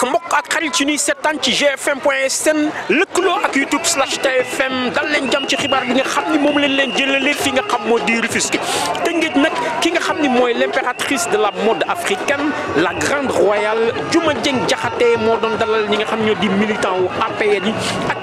kon mbokk ak xarit ci ñuy seetaan ci gfm point sn lëkkaloo ak youtube slash tfm dal leen jam ci xibaar bi nga xam ni moom leen leen jëlalee fi nga xam moo di Rufisque Tëngéej nag ki nga xam ni mooy l'impératrice de la mode africaine la grande royale Diouma Dieng Diakhaté moo doon dalal ñi nga xam ñoo di militant wu APR yi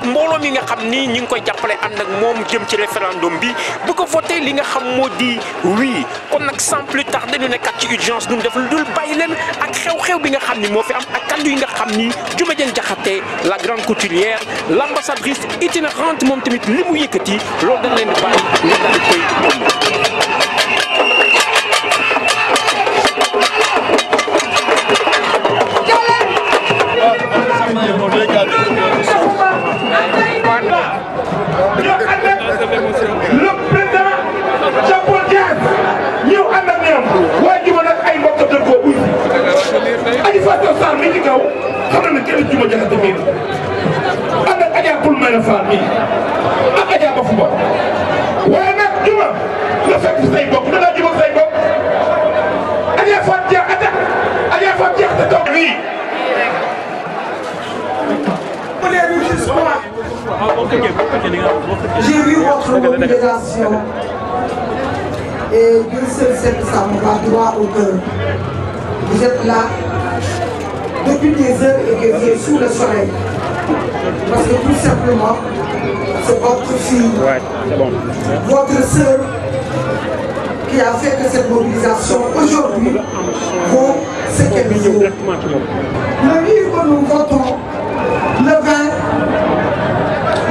mbooloo mi nga xam ni ñi ngi koy jàppale ànd ak moom jëm ci référendum bi bu ko voté li nga xam moo di oui kon nag sans plus tarder ñu nekkat ci urgence nu def lu dul bàyyi leen ak xew-xew bi nga xam ni moo fi am ak kàddu yi nga xam ni Diomédiène Diakhaté la grande couturière l' ambassadrice itinérante moom tamit li mu yëkkati loolu dañ leen di bàyyi nga daal di koy moom cosaan indi ak Adja ba fu bopp waaye nag juma la fekk say bopp da laa juma say bopp Adja Fatou Dia attaque Adja Fatou Dia te toog nii. J'ai vu votre mobilisation et Dieu seul sait que ça me va droit au cœur. Vous êtes là depuis des heures et des heures sous le soleil. Parce que tout simplement, c'est votre fille, ouais, bon. votre sœur qui a fait que cette mobilisation aujourd'hui vaut ce qu'elle vaut. Le livre que nous votons le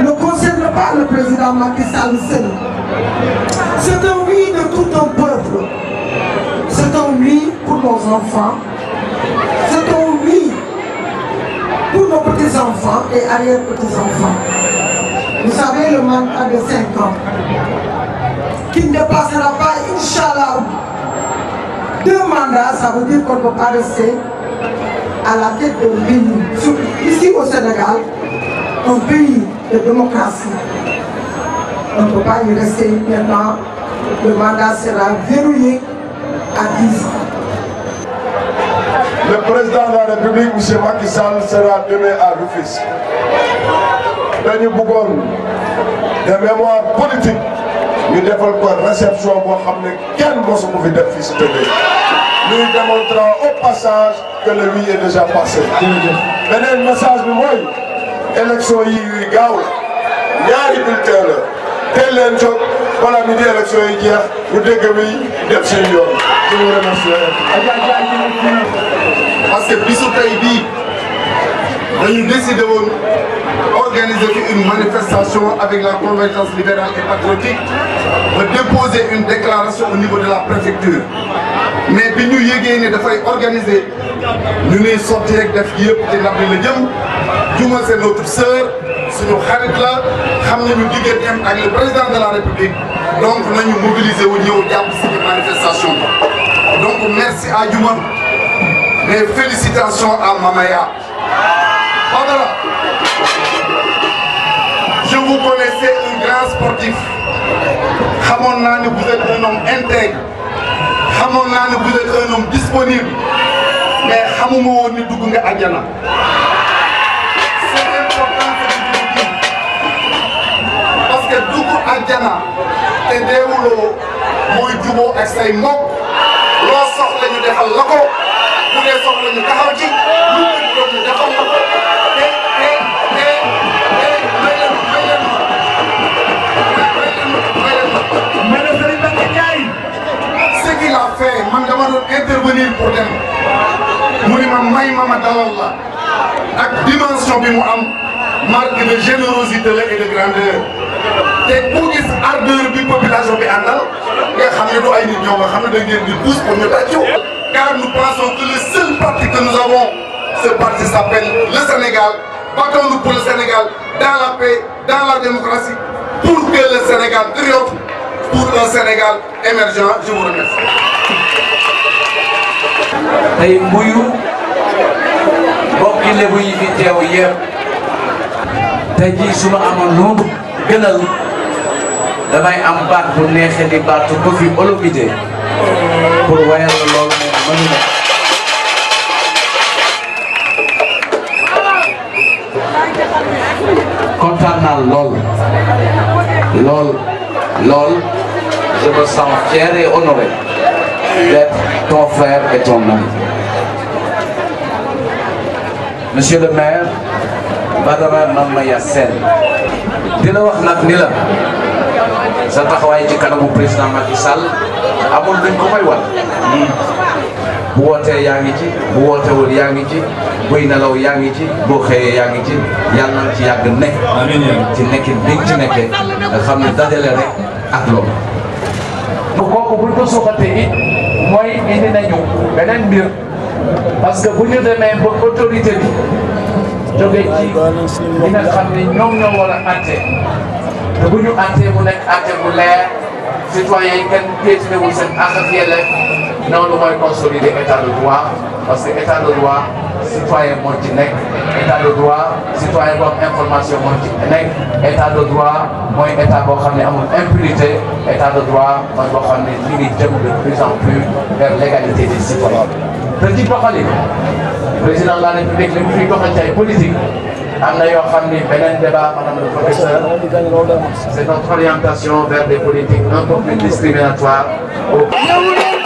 20 ne concerne pas le président Macky Sall seul. C'est un oui de tout un peuple. C'est un oui pour nos enfants. pour nos petits-enfants et arrière-petits-enfants. Vous savez, le mandat de 5 ans, qui ne dépassera pas, Inch'Allah, deux mandats, ça veut dire qu'on ne peut pas rester à la tête de l'île. Ici au Sénégal, un pays de démocratie. On ne peut pas y rester maintenant. Le mandat sera à 10 Le président de la République, M. Macky Sall, sera demain à Rufis. dañu bëggoon des mémoires politiques ñu defal ko réception boo xam ne kenn mosu ko fi def fii si tëddee. luy démontrant au passage que le huit est déjà beneen message bi mooy. élection yi yuy gaaw la ñaari bulletin la teel leen jóg di élection yi jeex ñu dégg bi dem seen yoon. je vous remercie. parce que bisu tey bii dañu décidé woon organiser une manifestation avec la convergence libérale et patriotique ba déposer une déclaration au niveau de la préfecture mais bi ñu yégee ne dafay organiser ñu nuy sotti rek def gi yëpp ci ndab li la jëm Diouma c'est notre sœur suñu xarit la xam nañu digganteem ak le président de la république donc nañu mobiliser wu ñëw jàpp donc merci à Diouma mais félicitations à Mamaya. Badara, je vous connaissais un grand sportif. xamoon naa ne vous êtes un homme intègre xamoon naa ne vous êtes un disponible mais xamuma woon ni dugg nga àjjana. c'est important parce que dugg àjjana te deewuloo mooy juboo ak say mbokk loo soxla ñu defal la dee soxla ñu taxaw ci lu ñu doon ñu defal ko te te te te may leen may leen ma may leen ma may leen ma. mais nag Serigne Mbacké Ndiaye. ce qu'il a fait man dama doon intervenir pour dem mu ni ma may ma ma dalal la ak dimension bi mu am marque de générosité la et de grandeur te ku gis ardeur bi population bi àndal nga xam ne du ay nit ñoo nga xam ne da ngeen di pousse pour ñu tàccu. car nous pensons que le parti que nous avons, ce parti s'appelle le Sénégal. Battons-nous pour le Sénégal dans la paix, dans démocratie, pour que le Sénégal triomphe, pour un Sénégal émergent. Je vous tey mbuyu bokki lebu yi fi teew yëpp tey jii su ma amoon lu mu gënal am baat bu neexee di baatu ko fi olofité pour wayal loolu. kontaan naa lool lool lool je me sens honoré d'être ton frère et ton monsieur le maire Badara Mamaya Sène di la wax nag ni la kanamu président Macky Sall amul luñ ko may wal bu wootee yaa ngi ci bu wootewul yaa ngi ci buy nelaw yaa ngi ci boo xëyee yaa ngi ci yàlla ci yàgg nekk ci nekkin bi ci nekkee nga xam ne dajale rek ak loolu bu kooku buñ ko suuxatee it mooy indi nañu beneen mbir parce que bu ñu demee ba autorité bi jóge ci ñi xam ne ñoom ñoo war a àtte te bu ñu àttee mu nekk àtte bu leer citoyen yi kenn kéetinewul seen àq ak yelleef noonu mooy consolider état de droit parce que état de droit citoyen moo ci nekk état de droit citoyen boo am information moo ci nekk état de droit mooy état boo xam amul impunité état de droit mooy boo xam ne de plus en plus vers l'égalité des citoyens te ci doxalin président la république li politique am na yoo xam ni beneen